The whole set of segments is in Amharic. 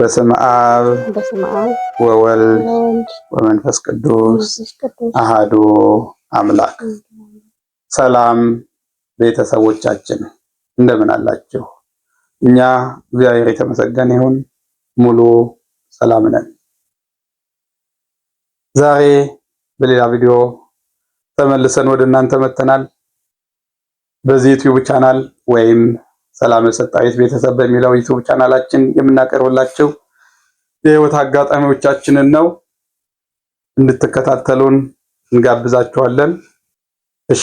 በስመ አብ ወወልድ ወመንፈስ ቅዱስ አሃዱ አምላክ። ሰላም ቤተሰቦቻችን እንደምን አላችሁ? እኛ እግዚአብሔር የተመሰገነ ይሁን ሙሉ ሰላም ነን። ዛሬ በሌላ ቪዲዮ ተመልሰን ወደ እናንተ መጥተናል። በዚህ ዩቲዩብ ቻናል ወይም ሰላም ሰጣዊት ቤተሰብ በሚለው ዩቱብ ቻናላችን የምናቀርብላቸው የህይወት አጋጣሚዎቻችንን ነው። እንድትከታተሉን እንጋብዛችኋለን። እሺ፣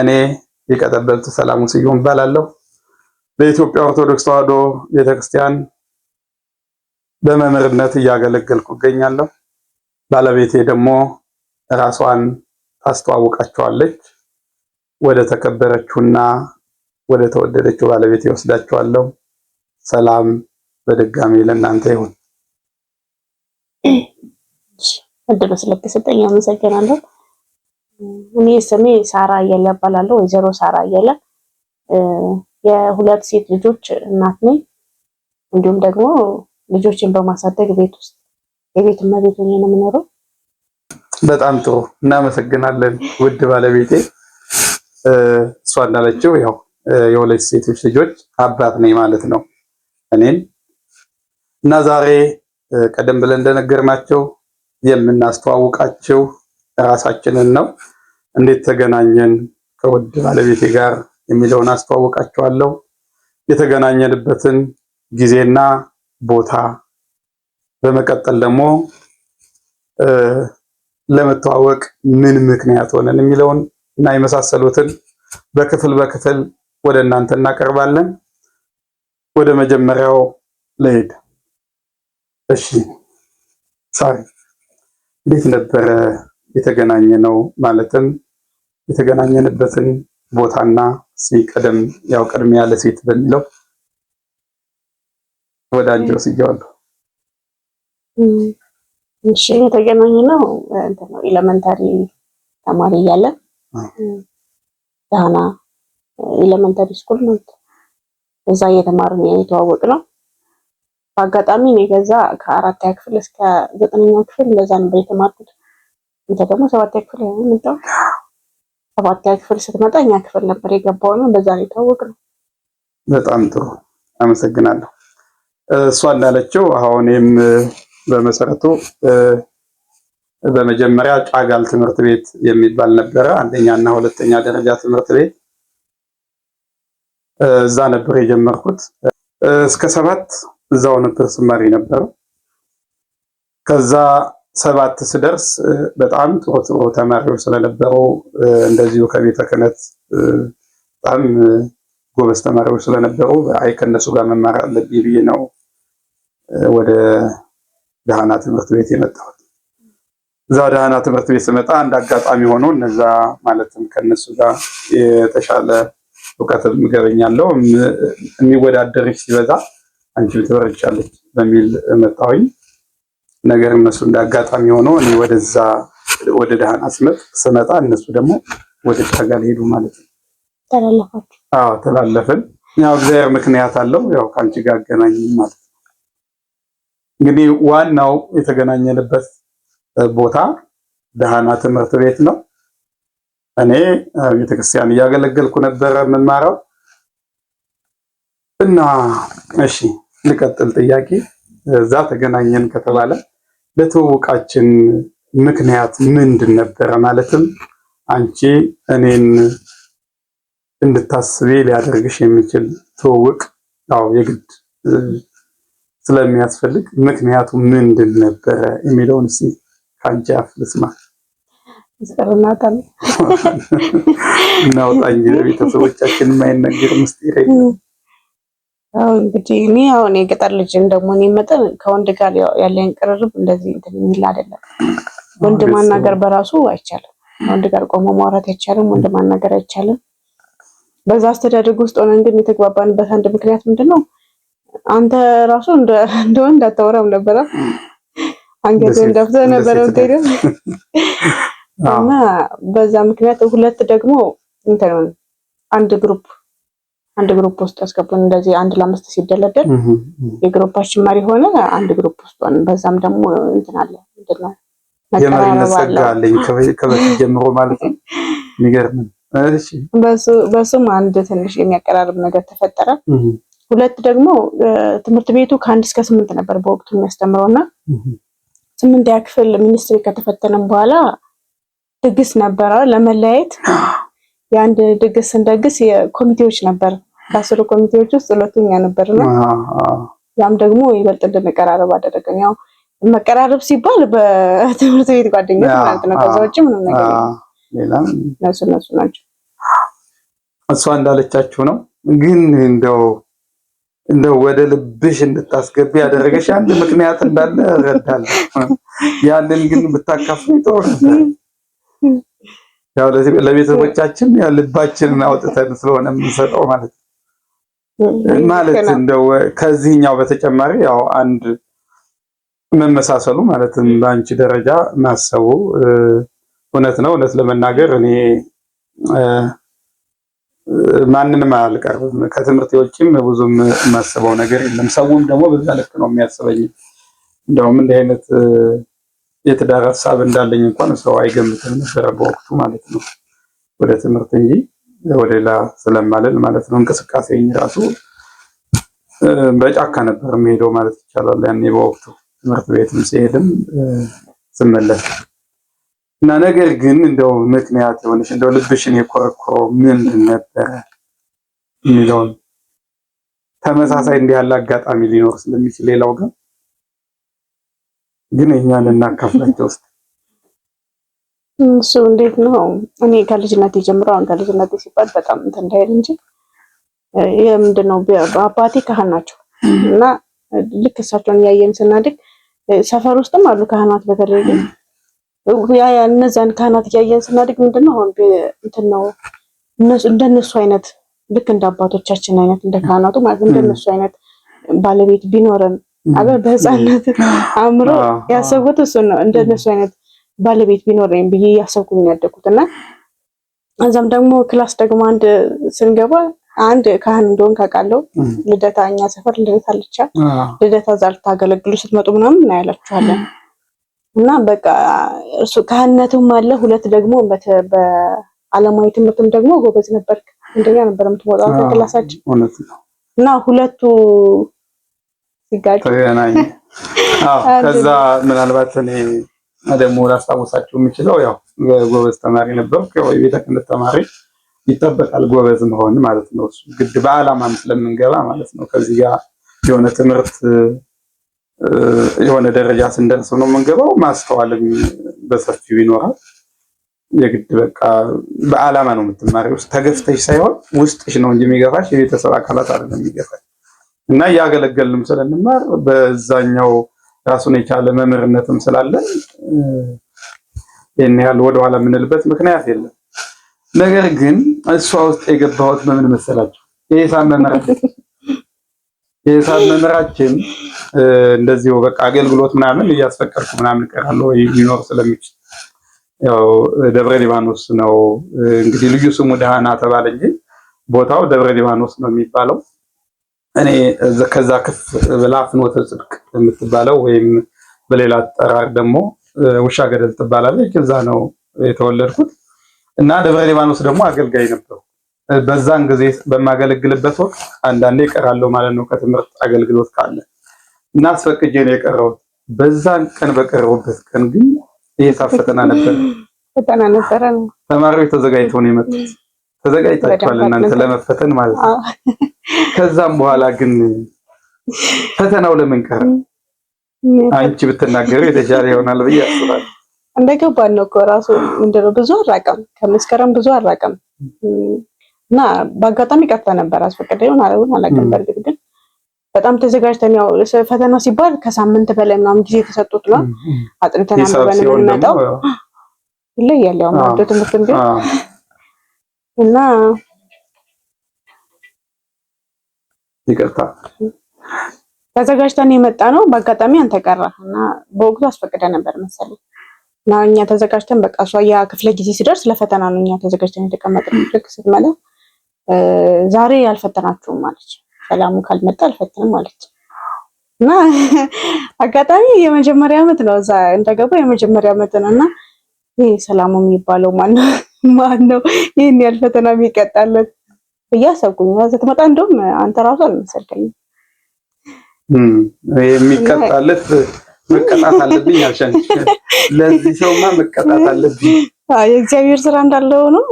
እኔ ሊቀ ጠበብት ሰላሙ ስዩም እባላለሁ። በኢትዮጵያ ኦርቶዶክስ ተዋሕዶ ቤተክርስቲያን በመምህርነት እያገለገልኩ እገኛለሁ። ባለቤቴ ደግሞ ራሷን ታስተዋውቃቸዋለች ወደ ተከበረችውና ወደ ተወደደችው ባለቤት ይወስዳችኋለሁ። ሰላም በድጋሚ ለእናንተ ይሁን። እድሉ ስለተሰጠኝ አመሰግናለሁ። እኔ ስሜ ሳራ እያለ እባላለሁ። ወይዘሮ ሳራ እያለ የሁለት ሴት ልጆች እናት ነኝ። እንዲሁም ደግሞ ልጆችን በማሳደግ ቤት ውስጥ የቤት እመቤት ሆኜ ነው የምኖረው። በጣም ጥሩ እናመሰግናለን ውድ ባለቤቴ። እሷ እንዳለችው ያው የሁለት ሴቶች ልጆች አባት ነኝ ማለት ነው። እኔን እና ዛሬ ቀደም ብለን እንደነገርናቸው የምናስተዋውቃቸው ራሳችንን ነው። እንዴት ተገናኘን ከውድ ባለቤቴ ጋር የሚለውን አስተዋውቃቸዋለሁ። የተገናኘንበትን ጊዜና ቦታ፣ በመቀጠል ደግሞ ለመተዋወቅ ምን ምክንያት ሆነን የሚለውን እና የመሳሰሉትን በክፍል በክፍል ወደ እናንተ እናቀርባለን። ወደ መጀመሪያው ለሄድ እሺ፣ ሳሪ እንዴት ነበረ የተገናኘ ነው? ማለትም የተገናኘንበትን ቦታና ሲቀደም ያው ያለ ለሴት በሚለው ወደ አንጆ ሲያወሉ እሺ፣ የተገናኘ ነው እንትን ነው ኤሌመንታሪ ተማሪ እያለን ዳና ኤሌመንታሪ ስኩል ማለት እዛ እየተማርን የተዋወቅ ነው። በአጋጣሚ እኔ ከዛ ከአራተኛ ክፍል እስከ ዘጠነኛ ክፍል እንደዛ ነበር የተማርኩት። አንተ ደግሞ ሰባተኛ ክፍል የመጣው ሰባተኛ ክፍል ስትመጣ እኛ ክፍል ነበር የገባው ነው። በዛ ነው የተዋወቅ ነው። በጣም ጥሩ አመሰግናለሁ። እሷ እንዳለችው አሁን እኔም በመሰረቱ በመጀመሪያ ጫጋል ትምህርት ቤት የሚባል ነበረ። አንደኛ እና ሁለተኛ ደረጃ ትምህርት ቤት እዛ ነበር የጀመርኩት። እስከ ሰባት እዛው ነበር ስማሪ ነበረው። ከዛ ሰባት ስደርስ በጣም ጥሩ ጥሩ ተማሪዎች ስለነበሩ እንደዚሁ ከቤተ ክህነት በጣም ጎበዝ ተማሪዎች ስለነበሩ አይ ከነሱ ጋር መማር አለብኝ ብዬ ነው ወደ ደህና ትምህርት ቤት የመጣሁት። እዛ ደህና ትምህርት ቤት ስመጣ አንድ አጋጣሚ ሆኖ እነዛ ማለትም ከነሱ ጋር የተሻለ እውቀት ምገበኛለው የሚወዳደርች ሲበዛ አንቺም ትበርጫለች በሚል መጣሁኝ። ነገር እነሱ እንዳጋጣሚ ሆኖ እኔ ወደዛ ወደ ደህና ስመጥ ስመጣ እነሱ ደግሞ ወደ ታጋል ሄዱ ማለት ነው። ተላለፍን። ያው እግዚአብሔር ምክንያት አለው። ያው ከአንቺ ጋር አገናኝ ማለት ነው። እንግዲህ ዋናው የተገናኘንበት ቦታ ደህና ትምህርት ቤት ነው። እኔ ቤተክርስቲያን እያገለገልኩ ነበረ የምማረው እና እሺ ልቀጥል። ጥያቄ እዛ ተገናኘን ከተባለ ለትውውቃችን ምክንያት ምንድን ነበረ? ማለትም አንቺ እኔን እንድታስቤ ሊያደርግሽ የሚችል ትውውቅ ያው የግድ ስለሚያስፈልግ ምክንያቱ ምንድን ነበረ የሚለውን እስኪ ከአንቺ አፍ ልስማ። ምስጢር እናወጣለን እንጂ ቤተሰቦቻችን የማይነገር ምስጢር የለም። እንግዲህ እኔ አሁን የገጠር ልጅ እንደመሆኔ መጠን ከወንድ ጋር ያለኝ ቅርርብ እንደዚህ እንትን የሚል አይደለም። ወንድ ማናገር በራሱ አይቻልም። ከወንድ ጋር ቆሞ ማውራት አይቻልም። ወንድ ማናገር አይቻልም። በዛ አስተዳደግ ውስጥ ሆነን ግን የተግባባንበት አንድ ምክንያት ምንድን ነው? አንተ ራሱ እንደ ወንድ አታወራም ነበረ። አንገትህን ደፍተህ ነበረ ምትሄደው እና በዛ ምክንያት ሁለት ደግሞ እንትን አንድ ግሩፕ አንድ ግሩፕ ውስጥ ያስገቡን። እንደዚህ አንድ ለአምስት ሲደለደል የግሩፓችን መሪ ሆነ አንድ ግሩፕ ውስጥ ሆነ። በዛም ደግሞ እንትን አለ ምንድን ነው የመሪነት ጸጋ አለኝ ከበፊት ጀምሮ ማለት ነው። የሚገርም በሱም አንድ ትንሽ የሚያቀራርብ ነገር ተፈጠረ። ሁለት ደግሞ ትምህርት ቤቱ ከአንድ እስከ ስምንት ነበር በወቅቱ የሚያስተምረው እና ስምንተኛ ክፍል ሚኒስትሪ ከተፈተነም በኋላ ድግስ ነበረ ለመለያየት የአንድ ድግስ እንደግስ የኮሚቴዎች ነበር። ከአስሩ ኮሚቴዎች ውስጥ ሁለቱኛ ነበር ነው። ያም ደግሞ ይበልጥ እንድንቀራረብ አደረገን። ያው መቀራረብ ሲባል በትምህርት ቤት ጓደኞች ማለት ነው። ከዛ ውጭ ምንም ነገር እነሱ እነሱ ናቸው። እሷ እንዳለቻችሁ ነው። ግን እንደው እንደው ወደ ልብሽ እንድታስገቢ ያደረገሽ አንድ ምክንያት እንዳለ እረዳለሁ። ያንን ግን ብታካፍኝ ጥሩ ያው ለቤተሰቦቻችን ያው ልባችንን አውጥተን ስለሆነ የምንሰጠው ማለት ማለት እንደው ከዚህኛው በተጨማሪ ያው አንድ መመሳሰሉ ማለትም በአንቺ ደረጃ ማሰቡ እውነት ነው። እውነት ለመናገር እኔ ማንንም አልቀርብም። ከትምህርት ውጭም ብዙም የማስበው ነገር የለም። ሰውም ደግሞ በዛ ልክ ነው የሚያስበኝ። እንደውም እንዲህ አይነት የትዳር ሀሳብ እንዳለኝ እንኳን ሰው አይገምትም ነበረ በወቅቱ ማለት ነው። ወደ ትምህርት እንጂ ወደ ሌላ ስለማልል ማለት ነው። እንቅስቃሴ ራሱ በጫካ ነበር የሚሄደው ማለት ይቻላል። ያኔ በወቅቱ ትምህርት ቤትም ሲሄድም ስመለስ እና ነገር ግን እንደው ምክንያት የሆነች እንደው ልብሽን የኮረኮረው ምን ነበረ የሚለውን ተመሳሳይ እንዲህ ያለ አጋጣሚ ሊኖር ስለሚችል ሌላው ግን ግን እኛን እናካፍላቸው ውስጥ እሱ እንዴት ነው? እኔ ከልጅነት ጀምሮ አሁን ከልጅነቴ ሲባል በጣም እንትን እንዳይል እንጂ የምንድን ነው አባቴ ካህን ናቸው እና ልክ እሳቸውን እያየን ስናድግ ሰፈር ውስጥም አሉ ካህናት። በተለይ ያ ካህናት እያየን ስናድግ ምንድን ነው አሁን እንትን ነው እንደነሱ አይነት ልክ እንደ አባቶቻችን አይነት እንደ ካህናቱ ማለት እንደነሱ አይነት ባለቤት ቢኖረን አበ በህፃነት አእምሮ ያሰብኩት እሱ ነው። እንደነሱ አይነት ባለቤት ቢኖረኝ ብዬ ያሰብኩ ነው ያደግኩት እና እዛም ደግሞ ክላስ ደግሞ አንድ ስንገባ አንድ ካህን እንደሆን ካውቃለሁ። ልደታ እኛ ሰፈር ልደታ አልቻ ልደታ እዛ ልታገለግሉ ስትመጡ ምናምን እናያላችኋለን። እና በቃ እሱ ካህንነትም አለ። ሁለት ደግሞ በአለማዊ ትምህርትም ደግሞ ጎበዝ ነበር። አንደኛ ነበር የምትወጣው ክላሳችን እና ሁለቱ ተገናኘ። ከዛ ምናልባት እኔ ደግሞ ላስታውሳችሁ የምችለው ያው ጎበዝ ተማሪ ነበርኩ። የቤተ ክህነት ተማሪ ይጠበቃል ጎበዝ መሆን ማለት ነው። እሱ ግድ በዓላማም ስለምንገባ ማለት ነው። ከዚህ ጋር የሆነ ትምህርት የሆነ ደረጃ ስንደርስ ነው የምንገባው። ማስተዋልም በሰፊው ይኖራል። የግድ በቃ በዓላማ ነው የምትማሪ። ውስጥ ተገፍተሽ ሳይሆን ውስጥሽ ነው እንጂ የሚገፋሽ የቤተሰብ አካላት አይደለም የሚገፋሽ እና እያገለገልንም ስለንማር በዛኛው ራሱን የቻለ መምህርነትም ስላለን ይህን ያህል ወደኋላ የምንልበት ምክንያት የለም። ነገር ግን እሷ ውስጥ የገባሁት በምን መሰላቸው? የሂሳብ መምህራችን የሂሳብ መምህራችን እንደዚሁ በቃ አገልግሎት ምናምን እያስፈቀድኩ ምናምን እቀራለሁ ሊኖር ስለሚችል ያው ደብረ ሊባኖስ ነው እንግዲህ ልዩ ስሙ ደህና ተባለ እንጂ ቦታው ደብረ ሊባኖስ ነው የሚባለው። እኔ ከዛ ክፍ ብላ ፍኖተ ጽድቅ የምትባለው ወይም በሌላ አጠራር ደግሞ ውሻ ገደል ትባላለች። እዛ ነው የተወለድኩት እና ደብረ ሊባኖስ ደግሞ አገልጋይ ነበሩ። በዛን ጊዜ በማገለግልበት ወቅት አንዳንዴ እቀራለሁ ማለት ነው ከትምህርት አገልግሎት ካለ እና አስፈቅጄ ነው የቀረሁት። በዛን ቀን በቀረሁበት ቀን ግን የሂሳብ ፈተና ነበር። ተማሪዎች ተዘጋጅተው ነው የመጡት ተዘጋጅታችኋል እናንተ ለመፈተን ማለት ነው። ከዛም በኋላ ግን ፈተናው ለምን ቀረ? አንቺ ብትናገሩ የተሻለ ይሆናል ብዬ አስባለሁ። እንደገባን ነው እኮ ራሱ ምንድነው ብዙ አራቀም ከመስከረም ብዙ አራቀም እና በአጋጣሚ ቀጥታ ነበር አስፈቀደ ይሆን አለውን አላውቅም። በእርግጥ ግን በጣም ተዘጋጅተን ያው ፈተና ሲባል ከሳምንት በላይ ምናምን ጊዜ ተሰጡት ነው አጥንተን አንብበን የምንመጣው ይለያል። ያው ማዶ ትምህርት ቢሆን እና ይቅርታ ተዘጋጅተን የመጣ ነው። በአጋጣሚ አንተ ቀረህ እና በወቅቱ አስፈቅደ ነበር መሰለኝ እና እኛ ተዘጋጅተን በቃ እሷ ያ ክፍለ ጊዜ ሲደርስ ለፈተና ነው እኛ ተዘጋጅተን የተቀመጥነው። ልክ ስትመጣ ዛሬ አልፈተናችሁም ማለች፣ ሰላሙ ካልመጣ አልፈትንም ማለች እና አጋጣሚ የመጀመሪያ ዓመት ነው እዛ እንደገባ የመጀመሪያ ዓመት ነው እና ይህ ሰላሙ የሚባለው ነው። ማን ነው ይህን ያህል ፈተና የሚቀጣለት እያሰብኩኝ አሰብኩኝ። ስትመጣ እንደውም አንተ ራሱ አልመሰልከኝም። የሚቀጣለት መቀጣት አለብኝ አልሸን ለዚህ ሰውማ መቀጣት አለብኝ። የእግዚአብሔር ስራ እንዳለው ነው።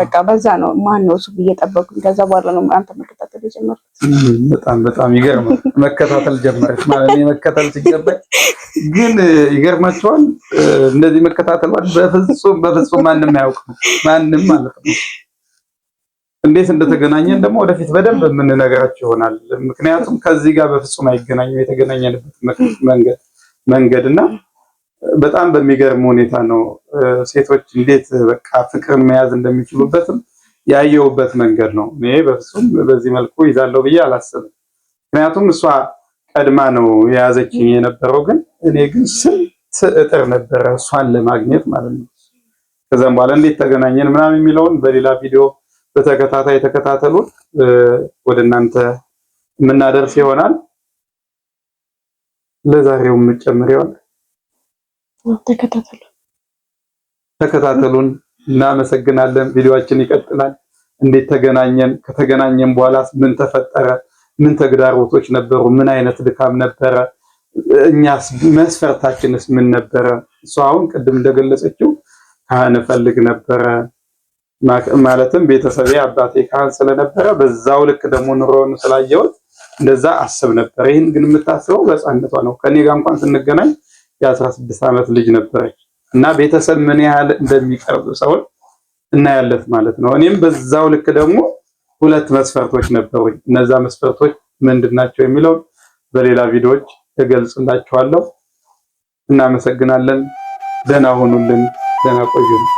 በቃ በዛ ነው። ማን ነው እሱ ብዬ ጠበቅኩኝ። ከዛ በኋላ ነው አንተ መቀጣት መከታተል የጀመርኩት። በጣም በጣም ይገርማል። መከታተል ጀመረች ማለት ነው። መከታተል ሲገባኝ ግን ይገርማቸዋል። እንደዚህ መከታተል በፍጹም በፍጹም ማንም አያውቅም ማንም ማለት ነው። እንዴት እንደተገናኘን ደግሞ ወደፊት በደንብ የምንነግራቸው ይሆናል። ምክንያቱም ከዚህ ጋር በፍጹም አይገናኝም የተገናኘንበት መንገድ መንገድ እና በጣም በሚገርም ሁኔታ ነው ሴቶች እንዴት በቃ ፍቅርን መያዝ እንደሚችሉበትም ያየውበት መንገድ ነው። እኔ በፍጹም በዚህ መልኩ ይዛለው ብዬ አላሰብም። ምክንያቱም እሷ ቀድማ ነው የያዘችኝ የነበረው፣ ግን እኔ ግን ስንት እጥር ነበረ እሷን ለማግኘት ማለት ነው። ከዛም በኋላ እንዴት ተገናኘን ምናምን የሚለውን በሌላ ቪዲዮ በተከታታይ ተከታተሉት፣ ወደ እናንተ የምናደርስ ይሆናል። ለዛሬው የምጨምር ይሆናል። ተከታተሉን። እናመሰግናለን። ቪዲዮአችን ይቀጥላል። እንዴት ተገናኘን? ከተገናኘን በኋላስ ምን ተፈጠረ? ምን ተግዳሮቶች ነበሩ? ምን አይነት ድካም ነበረ? እኛስ መስፈርታችንስ ምን ነበረ? እሷ አሁን ቅድም እንደገለጸችው ካህን እፈልግ ነበረ ማለትም ቤተሰቤ አባቴ ካህን ስለነበረ በዛው ልክ ደግሞ ኑሮውን ስላየሁት እንደዛ አስብ ነበር። ይህን ግን የምታስበው በሕፃንነቷ ነው። ከኔ ጋር እንኳን ስንገናኝ የ16 ዓመት ልጅ ነበረች። እና ቤተሰብ ምን ያህል እንደሚቀርብ ሰውን እናያለን ማለት ነው። እኔም በዛው ልክ ደግሞ ሁለት መስፈርቶች ነበሩኝ። እነዛ መስፈርቶች ምንድን ናቸው የሚለውን በሌላ ቪዲዮዎች እገልጽላችኋለሁ። እናመሰግናለን። ደህና ሆኑልን። ደህና ቆዩልን?